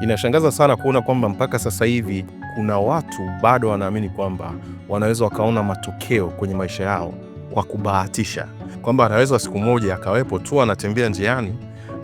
Inashangaza sana kuona kwamba mpaka sasa hivi kuna watu bado wanaamini kwamba wanaweza wakaona matokeo kwenye maisha yao kwa kubahatisha, kwamba anaweza siku moja akawepo tu anatembea njiani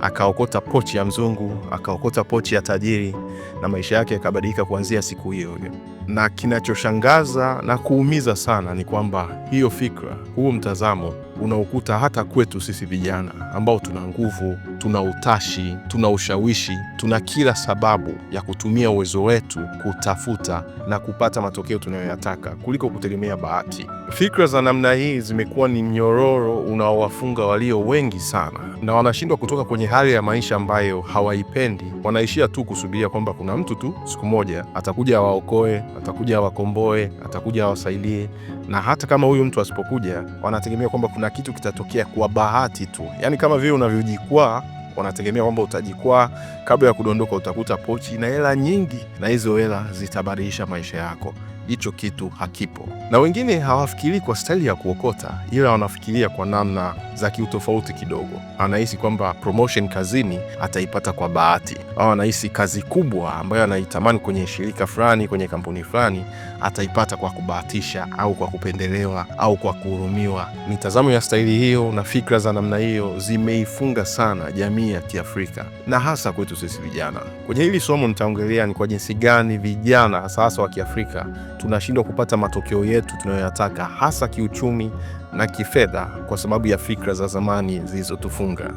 akaokota pochi ya mzungu, akaokota pochi ya tajiri na maisha yake yakabadilika kuanzia siku hiyo hiyo na kinachoshangaza na kuumiza sana ni kwamba hiyo fikra, huo mtazamo unaokuta hata kwetu sisi vijana ambao tuna nguvu, tuna utashi, tuna ushawishi, tuna kila sababu ya kutumia uwezo wetu kutafuta na kupata matokeo tunayoyataka kuliko kutegemea bahati. Fikra za namna hii zimekuwa ni mnyororo unaowafunga walio wengi sana, na wanashindwa kutoka kwenye hali ya maisha ambayo hawaipendi. Wanaishia tu kusubiria kwamba kuna mtu tu siku moja atakuja awaokoe atakuja awakomboe, atakuja awasaidie. Na hata kama huyu mtu asipokuja, wanategemea kwamba kuna kitu kitatokea kwa bahati tu, yaani kama vile unavyojikwaa wanategemea kwamba utajikwaa, kabla ya kudondoka utakuta pochi na hela nyingi, na hizo hela zitabadilisha maisha yako hicho kitu hakipo. Na wengine hawafikirii kwa staili ya kuokota, ila wanafikiria kwa namna za kiutofauti kidogo. Anahisi kwamba promotion kazini ataipata kwa bahati, au anahisi kazi kubwa ambayo anaitamani kwenye shirika fulani, kwenye kampuni fulani, ataipata kwa kubahatisha au kwa kupendelewa au kwa kuhurumiwa. Mitazamo ya staili hiyo na fikra za namna hiyo zimeifunga sana jamii ya Kiafrika na hasa kwetu sisi vijana. Kwenye hili somo nitaongelea ni kwa jinsi gani vijana hasa wa Kiafrika tunashindwa kupata matokeo yetu tunayoyataka, hasa kiuchumi na kifedha, kwa sababu ya fikra za zamani zilizotufunga.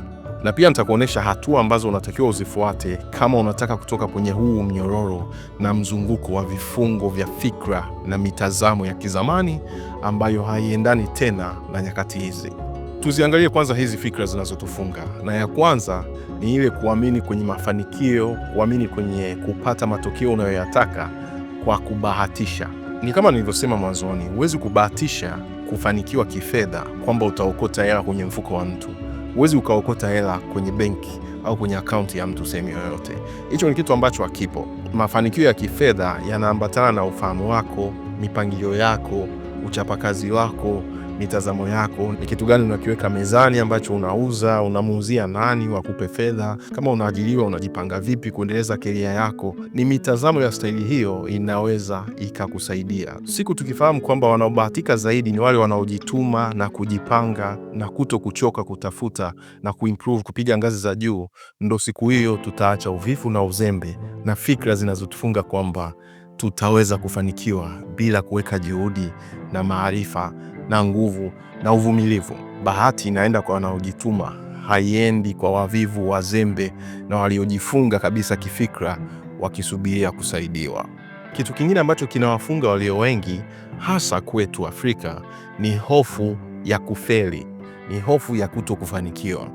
Na pia nitakuonyesha hatua ambazo unatakiwa uzifuate kama unataka kutoka kwenye huu mnyororo na mzunguko wa vifungo vya fikra na mitazamo ya kizamani ambayo haiendani tena na nyakati hizi. Tuziangalie kwanza hizi fikra zinazotufunga, na ya kwanza ni ile kuamini kwenye mafanikio, kuamini kwenye kupata matokeo unayoyataka kwa kubahatisha. Ni kama nilivyosema mwanzoni, huwezi kubahatisha kufanikiwa kifedha kwamba utaokota hela kwenye mfuko wa mtu. Huwezi ukaokota hela kwenye benki au kwenye akaunti ya mtu sehemu yoyote. Hicho ni kitu ambacho hakipo. Mafanikio ya kifedha yanaambatana na ufahamu wako, mipangilio yako, uchapakazi wako mitazamo yako, ni kitu gani unakiweka mezani ambacho unauza, unamuuzia nani wakupe fedha, kama unaajiriwa unajipanga vipi kuendeleza keria yako. Ni mitazamo ya staili hiyo inaweza ikakusaidia siku. Tukifahamu kwamba wanaobahatika zaidi ni wale wanaojituma na kujipanga na kuto kuchoka kutafuta na kuimprove kupiga ngazi za juu, ndo siku hiyo tutaacha uvivu na uzembe na fikra zinazotufunga kwamba tutaweza kufanikiwa bila kuweka juhudi na maarifa na nguvu na uvumilivu. Bahati inaenda kwa wanaojituma, haiendi kwa wavivu, wazembe na waliojifunga kabisa kifikra, wakisubiria kusaidiwa. Kitu kingine ambacho kinawafunga walio wengi, hasa kwetu Afrika, ni hofu ya kufeli, ni hofu ya kuto kufanikiwa.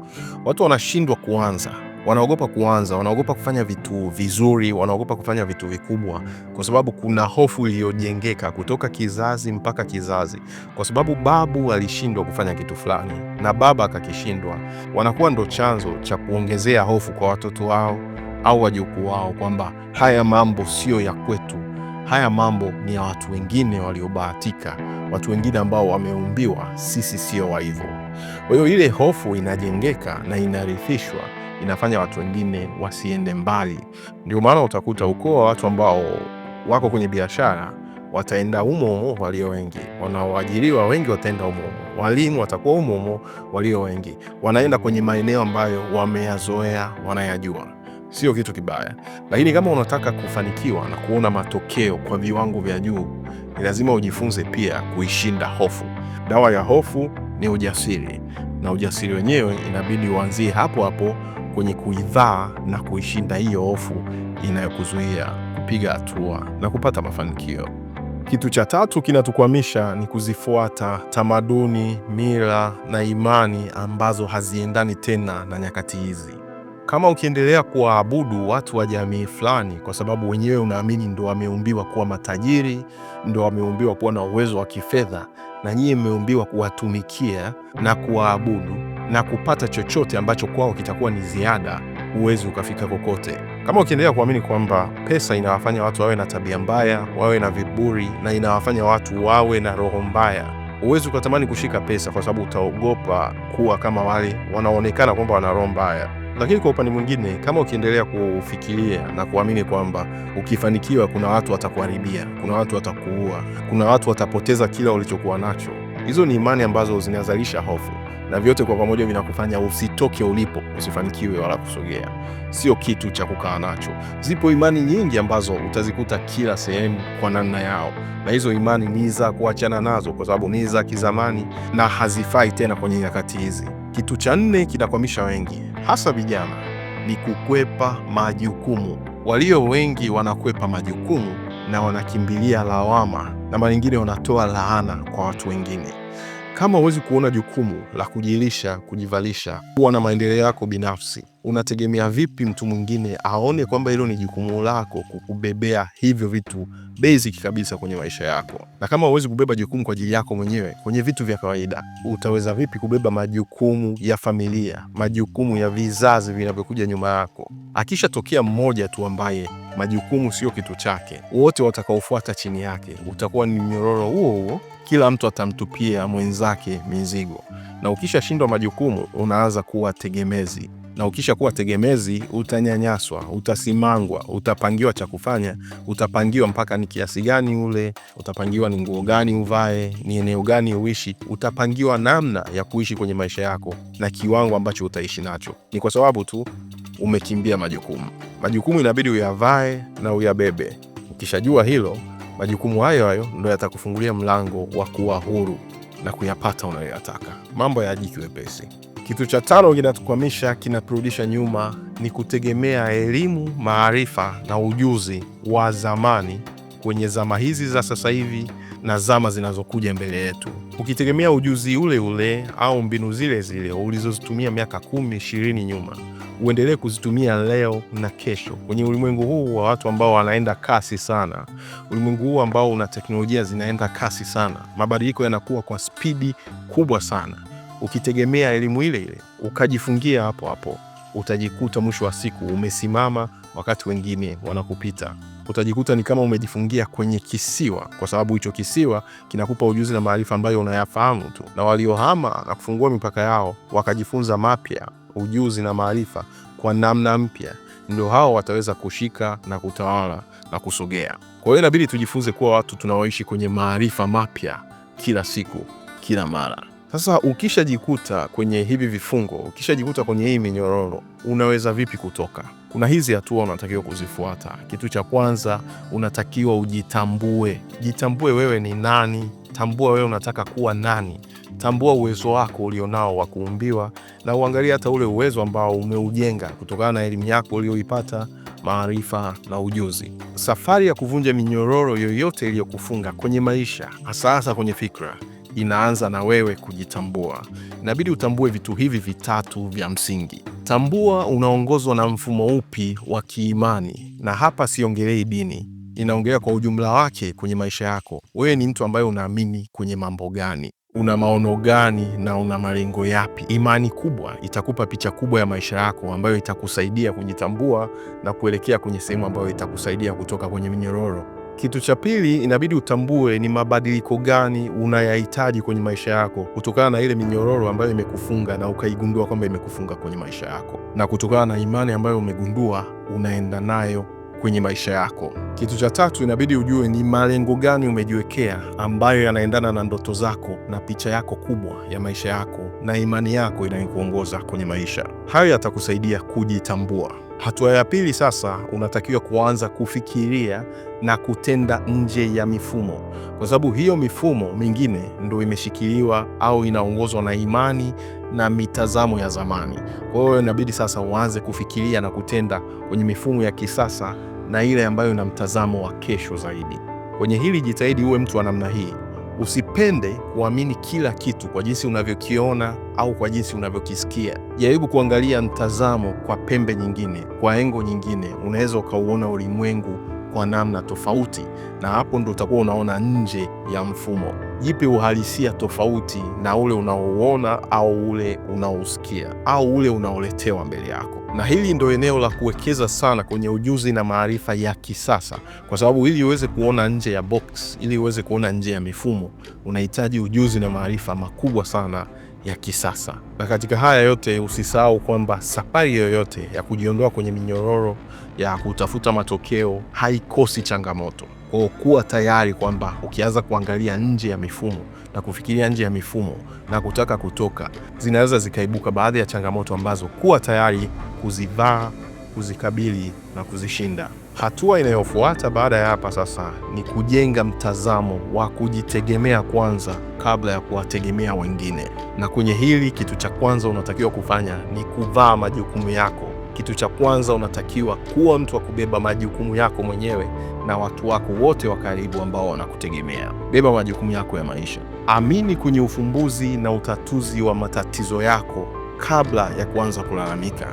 Watu wanashindwa kuanza wanaogopa kuanza, wanaogopa kufanya vitu vizuri, wanaogopa kufanya vitu vikubwa, kwa sababu kuna hofu iliyojengeka kutoka kizazi mpaka kizazi, kwa sababu babu alishindwa kufanya kitu fulani na baba akakishindwa. Wanakuwa ndo chanzo cha kuongezea hofu kwa watoto wao au wajukuu wao kwamba haya mambo sio ya kwetu, haya mambo ni ya watu wengine waliobahatika, watu wengine ambao wameumbiwa, sisi sio wa hivyo. Kwa hiyo ile hofu inajengeka na inarithishwa inafanya watu wengine wasiende mbali. Ndio maana utakuta ukoo wa watu ambao wako kwenye biashara wataenda humo walio wengi, wanaoajiriwa wengi wataenda humo, walimu watakuwa humo walio wengi, wanaenda kwenye maeneo ambayo wameyazoea, wanayajua. Sio kitu kibaya, lakini kama unataka kufanikiwa na kuona matokeo kwa viwango vya juu, ni lazima ujifunze pia kuishinda hofu. Dawa ya hofu ni ujasiri, na ujasiri wenyewe inabidi uanzie hapo hapo kwenye kuidhaa na kuishinda hiyo hofu inayokuzuia kupiga hatua na kupata mafanikio. Kitu cha tatu kinatukwamisha ni kuzifuata tamaduni, mila na imani ambazo haziendani tena na nyakati hizi. Kama ukiendelea kuwaabudu watu wa jamii fulani kwa sababu wenyewe unaamini ndo wameumbiwa kuwa matajiri, ndo wameumbiwa kuwa na uwezo wa kifedha, na nyie mmeumbiwa kuwatumikia na kuwaabudu na kupata chochote ambacho kwao kitakuwa ni ziada, huwezi ukafika kokote kama ukiendelea kuamini kwamba pesa inawafanya watu wawe na tabia mbaya, wawe na viburi, na inawafanya watu wawe na roho mbaya huwezi ukatamani kushika pesa kwa sababu utaogopa kuwa kama wale wanaonekana kwamba wana roho mbaya. Lakini kwa upande mwingine, kama ukiendelea kufikiria na kuamini kwamba ukifanikiwa, kuna watu watakuharibia, kuna watu watakuua, kuna watu watapoteza kila ulichokuwa nacho, hizo ni imani ambazo zinazalisha hofu na vyote kwa pamoja vinakufanya usitoke ulipo, usifanikiwe wala kusogea. Sio kitu cha kukaa nacho. Zipo imani nyingi ambazo utazikuta kila sehemu kwa namna yao, na hizo imani ni za kuachana nazo, kwa sababu ni za kizamani na hazifai tena kwenye nyakati hizi. Kitu cha nne kinakwamisha wengi, hasa vijana, ni kukwepa majukumu. Walio wengi wanakwepa majukumu na wanakimbilia lawama, na mara nyingine wanatoa laana kwa watu wengine. Kama huwezi kuona jukumu la kujilisha, kujivalisha, kuwa na maendeleo yako binafsi, unategemea vipi mtu mwingine aone kwamba hilo ni jukumu lako kukubebea hivyo vitu basic kabisa kwenye maisha yako? Na kama huwezi kubeba jukumu kwa ajili yako mwenyewe kwenye vitu vya kawaida, utaweza vipi kubeba majukumu ya familia, majukumu ya vizazi vinavyokuja nyuma yako? Akishatokea mmoja tu ambaye majukumu sio kitu chake. Wote watakaofuata chini yake utakuwa ni mnyororo huo huo, kila mtu atamtupia mwenzake mizigo, na ukishashindwa majukumu unaanza kuwa tegemezi na ukisha kuwa tegemezi utanyanyaswa, utasimangwa, utapangiwa cha kufanya, utapangiwa mpaka ni kiasi gani ule, utapangiwa ni nguo gani uvae, ni eneo gani uishi, utapangiwa namna ya kuishi kwenye maisha yako na kiwango ambacho utaishi nacho. Ni kwa sababu tu umekimbia majukumu. Majukumu inabidi uyavae na uyabebe. Ukishajua hilo, majukumu hayo hayo ndo yatakufungulia mlango wa kuwa huru na kuyapata unayoyataka. Mambo ya jiki wepesi. Kitu cha tano kinatukwamisha, kinaturudisha nyuma, ni kutegemea elimu, maarifa na ujuzi wa zamani kwenye zama hizi za sasa hivi na zama zinazokuja mbele yetu. Ukitegemea ujuzi ule ule au mbinu zile zile ulizozitumia miaka kumi, ishirini nyuma uendelee kuzitumia leo na kesho, kwenye ulimwengu huu wa watu ambao wanaenda kasi sana, ulimwengu huu ambao una teknolojia zinaenda kasi sana, mabadiliko yanakuwa kwa spidi kubwa sana. Ukitegemea elimu ile ile ukajifungia hapo hapo, utajikuta mwisho wa siku umesimama wakati wengine wanakupita utajikuta ni kama umejifungia kwenye kisiwa, kwa sababu hicho kisiwa kinakupa ujuzi na maarifa ambayo unayafahamu tu, na waliohama na kufungua mipaka yao wakajifunza mapya ujuzi na maarifa kwa namna mpya, ndio hao wataweza kushika na kutawala na kusogea. Kwa hiyo inabidi tujifunze kuwa watu tunaoishi kwenye maarifa mapya kila siku, kila mara. Sasa ukishajikuta kwenye hivi vifungo, ukishajikuta kwenye hii minyororo, unaweza vipi kutoka? kuna hizi hatua unatakiwa kuzifuata. Kitu cha kwanza unatakiwa ujitambue. Jitambue wewe ni nani, tambua wewe unataka kuwa nani, tambua uwezo wako ulionao wa kuumbiwa, na uangalie hata ule uwezo ambao umeujenga kutokana na elimu yako uliyoipata, maarifa na ujuzi. Safari ya kuvunja minyororo yoyote iliyokufunga kwenye maisha, hasa hasa kwenye fikra inaanza na wewe kujitambua. Inabidi utambue vitu hivi vitatu vya msingi. Tambua unaongozwa na mfumo upi wa kiimani, na hapa siongelei dini, inaongelea kwa ujumla wake kwenye maisha yako. Wewe ni mtu ambaye unaamini kwenye mambo gani, una maono gani na una malengo yapi? Imani kubwa itakupa picha kubwa ya maisha yako ambayo itakusaidia kujitambua na kuelekea kwenye sehemu ambayo itakusaidia kutoka kwenye minyororo kitu cha pili, inabidi utambue ni mabadiliko gani unayahitaji kwenye maisha yako kutokana na ile minyororo ambayo imekufunga na ukaigundua kwamba imekufunga kwenye maisha yako, na kutokana na imani ambayo umegundua unaenda nayo kwenye maisha yako. Kitu cha tatu, inabidi ujue ni malengo gani umejiwekea ambayo yanaendana na ndoto zako na picha yako kubwa ya maisha yako na imani yako inayokuongoza kwenye maisha. Hayo yatakusaidia kujitambua. Hatua ya pili sasa, unatakiwa kuanza kufikiria na kutenda nje ya mifumo, kwa sababu hiyo mifumo mingine ndo imeshikiliwa au inaongozwa na imani na mitazamo ya zamani. Kwa hiyo inabidi sasa uanze kufikiria na kutenda kwenye mifumo ya kisasa na ile ambayo ina mtazamo wa kesho zaidi. Kwenye hili jitahidi uwe mtu wa namna hii. Usipende kuamini kila kitu kwa jinsi unavyokiona au kwa jinsi unavyokisikia. Jaribu kuangalia mtazamo kwa pembe nyingine, kwa engo nyingine, unaweza ukauona ulimwengu kwa namna tofauti, na hapo ndo utakuwa unaona nje ya mfumo. Jipe uhalisia tofauti na ule unaouona au ule unaousikia au ule unaoletewa mbele yako na hili ndo eneo la kuwekeza sana kwenye ujuzi na maarifa ya kisasa, kwa sababu ili uweze kuona nje ya box, ili uweze kuona nje ya mifumo, unahitaji ujuzi na maarifa makubwa sana ya kisasa. Na katika haya yote usisahau kwamba safari yoyote ya kujiondoa kwenye minyororo ya kutafuta matokeo haikosi changamoto. Kwa kuwa tayari kwamba ukianza kuangalia nje ya mifumo na kufikiria nje ya mifumo na kutaka kutoka, zinaweza zikaibuka baadhi ya changamoto ambazo kuwa tayari kuzivaa, kuzikabili na kuzishinda. Hatua inayofuata baada ya hapa sasa ni kujenga mtazamo wa kujitegemea kwanza kabla ya kuwategemea wengine, na kwenye hili kitu cha kwanza unatakiwa kufanya ni kuvaa majukumu yako. Kitu cha kwanza unatakiwa kuwa mtu wa kubeba majukumu yako mwenyewe na watu wako wote wa karibu ambao wanakutegemea. Beba majukumu yako ya maisha. Amini kwenye ufumbuzi na utatuzi wa matatizo yako kabla ya kuanza kulalamika.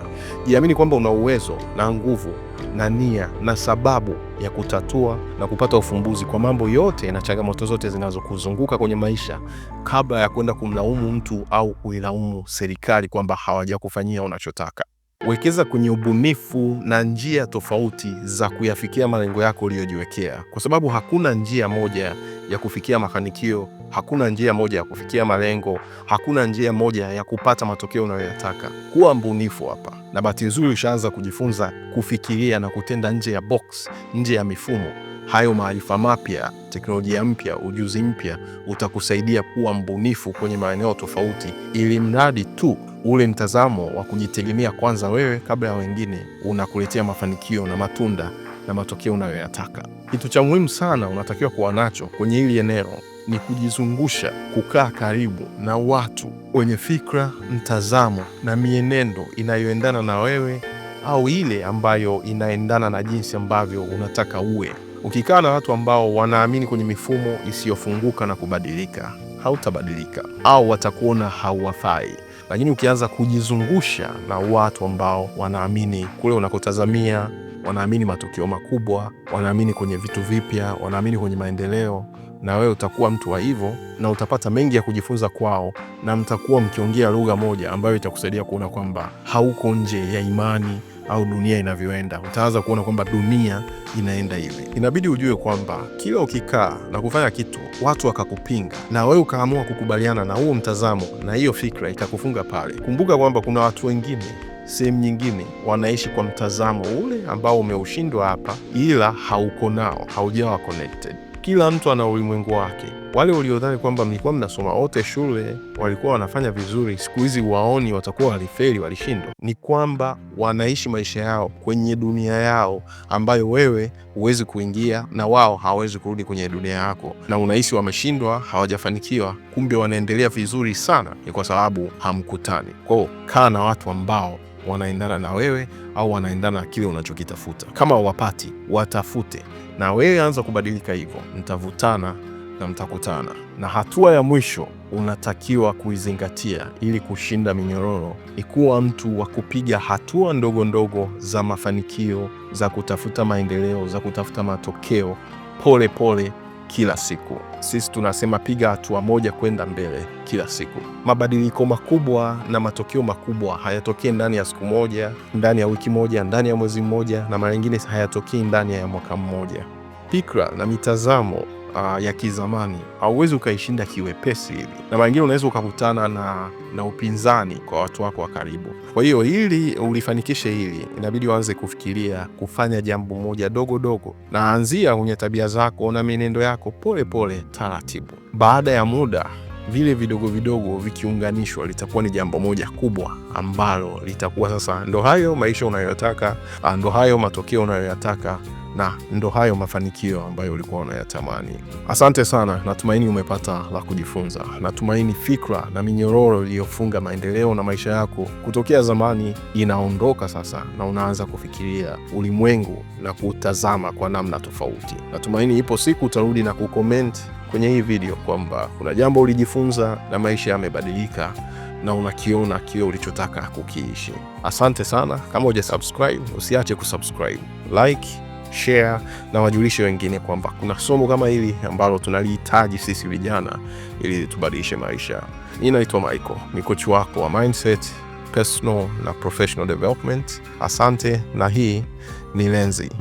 Jiamini kwamba una uwezo na nguvu na nia na sababu ya kutatua na kupata ufumbuzi kwa mambo yote na changamoto zote zinazokuzunguka kwenye maisha, kabla ya kwenda kumlaumu mtu au kuilaumu serikali kwamba hawajakufanyia unachotaka. Wekeza kwenye ubunifu na njia tofauti za kuyafikia malengo yako uliyojiwekea, kwa sababu hakuna njia moja ya kufikia mafanikio, hakuna njia moja ya kufikia malengo, hakuna njia moja ya kupata matokeo unayoyataka. Kuwa mbunifu hapa, na bahati nzuri ushaanza kujifunza kufikiria na kutenda nje ya box, nje ya mifumo. Hayo maarifa mapya, teknolojia mpya, ujuzi mpya utakusaidia kuwa mbunifu kwenye maeneo tofauti, ili mradi tu ule mtazamo wa kujitegemea kwanza wewe kabla ya wengine unakuletea mafanikio na matunda na matokeo unayoyataka. Kitu cha muhimu sana unatakiwa kuwa nacho kwenye hili eneo ni kujizungusha, kukaa karibu na watu wenye fikra, mtazamo na mienendo inayoendana na wewe au ile ambayo inaendana na jinsi ambavyo unataka uwe. Ukikaa na watu ambao wanaamini kwenye mifumo isiyofunguka na kubadilika, hautabadilika au watakuona hauwafai lakini ukianza kujizungusha na watu ambao wanaamini kule unakotazamia, wanaamini matukio makubwa, wanaamini kwenye vitu vipya, wanaamini kwenye maendeleo, na wewe utakuwa mtu wa hivyo, na utapata mengi ya kujifunza kwao, na mtakuwa mkiongea lugha moja ambayo itakusaidia kuona kwamba hauko nje ya imani au dunia inavyoenda, utaanza kuona kwamba dunia inaenda hivi. Inabidi ujue kwamba kila ukikaa na kufanya kitu watu wakakupinga, na wewe ukaamua kukubaliana na huo mtazamo na hiyo fikra itakufunga pale, kumbuka kwamba kuna watu wengine sehemu nyingine wanaishi kwa mtazamo ule ambao umeushindwa hapa, ila hauko nao, haujawa connected. Kila mtu ana ulimwengu wake. Wale waliodhani kwamba mlikuwa mnasoma wote shule walikuwa wanafanya vizuri, siku hizi waoni watakuwa walifeli, walishindwa. Ni kwamba wanaishi maisha yao kwenye dunia yao ambayo wewe huwezi kuingia na wao hawawezi kurudi kwenye dunia yako, na unahisi wameshindwa, hawajafanikiwa, kumbe wanaendelea vizuri sana. Ni kwa sababu hamkutani. Kwao kaa na watu ambao wanaendana na wewe au wanaendana na kile unachokitafuta. Kama wapati watafute na wewe anza kubadilika hivyo, mtavutana na mtakutana. Na hatua ya mwisho unatakiwa kuizingatia ili kushinda minyororo, ni kuwa mtu wa kupiga hatua ndogo ndogo za mafanikio, za kutafuta maendeleo, za kutafuta matokeo pole pole kila siku. Sisi tunasema piga hatua moja kwenda mbele kila siku. Mabadiliko makubwa na matokeo makubwa hayatokei ndani ya siku moja, ndani ya wiki moja, ndani ya mwezi mmoja, na mara nyingine hayatokei ndani ya mwaka mmoja. Fikra na mitazamo uh, ya kizamani hauwezi ukaishinda kiwepesi hivi, na mara unaweza ukakutana na, na upinzani kwa watu wako wa karibu. Kwa hiyo ili ulifanikishe hili, inabidi uanze kufikiria kufanya jambo moja dogo dogo, na anzia kwenye tabia zako na mienendo yako pole pole, taratibu. Baada ya muda vile vidogo vidogo vikiunganishwa litakuwa ni jambo moja kubwa ambalo litakuwa sasa ndo hayo maisha unayoyataka ah, ndo hayo matokeo unayoyataka na ndo hayo mafanikio ambayo ulikuwa unayatamani. Asante sana, natumaini umepata la kujifunza. Natumaini fikra na minyororo iliyofunga maendeleo na maisha yako kutokea zamani inaondoka sasa, na unaanza kufikiria ulimwengu na kutazama kwa namna tofauti. Natumaini ipo siku utarudi na kukoment kwenye hii video kwamba kuna jambo ulijifunza na maisha yamebadilika na unakiona kile ulichotaka kukiishi. Asante sana. Kama uja subscribe, usiache kusubscribe, like share na wajulishe wengine kwamba kuna somo kama hili ambalo tunalihitaji sisi vijana ili tubadilishe maisha. Mimi naitwa Michael, ni kochi wako wa mindset, personal na professional development. Asante, na hii ni Lenzi.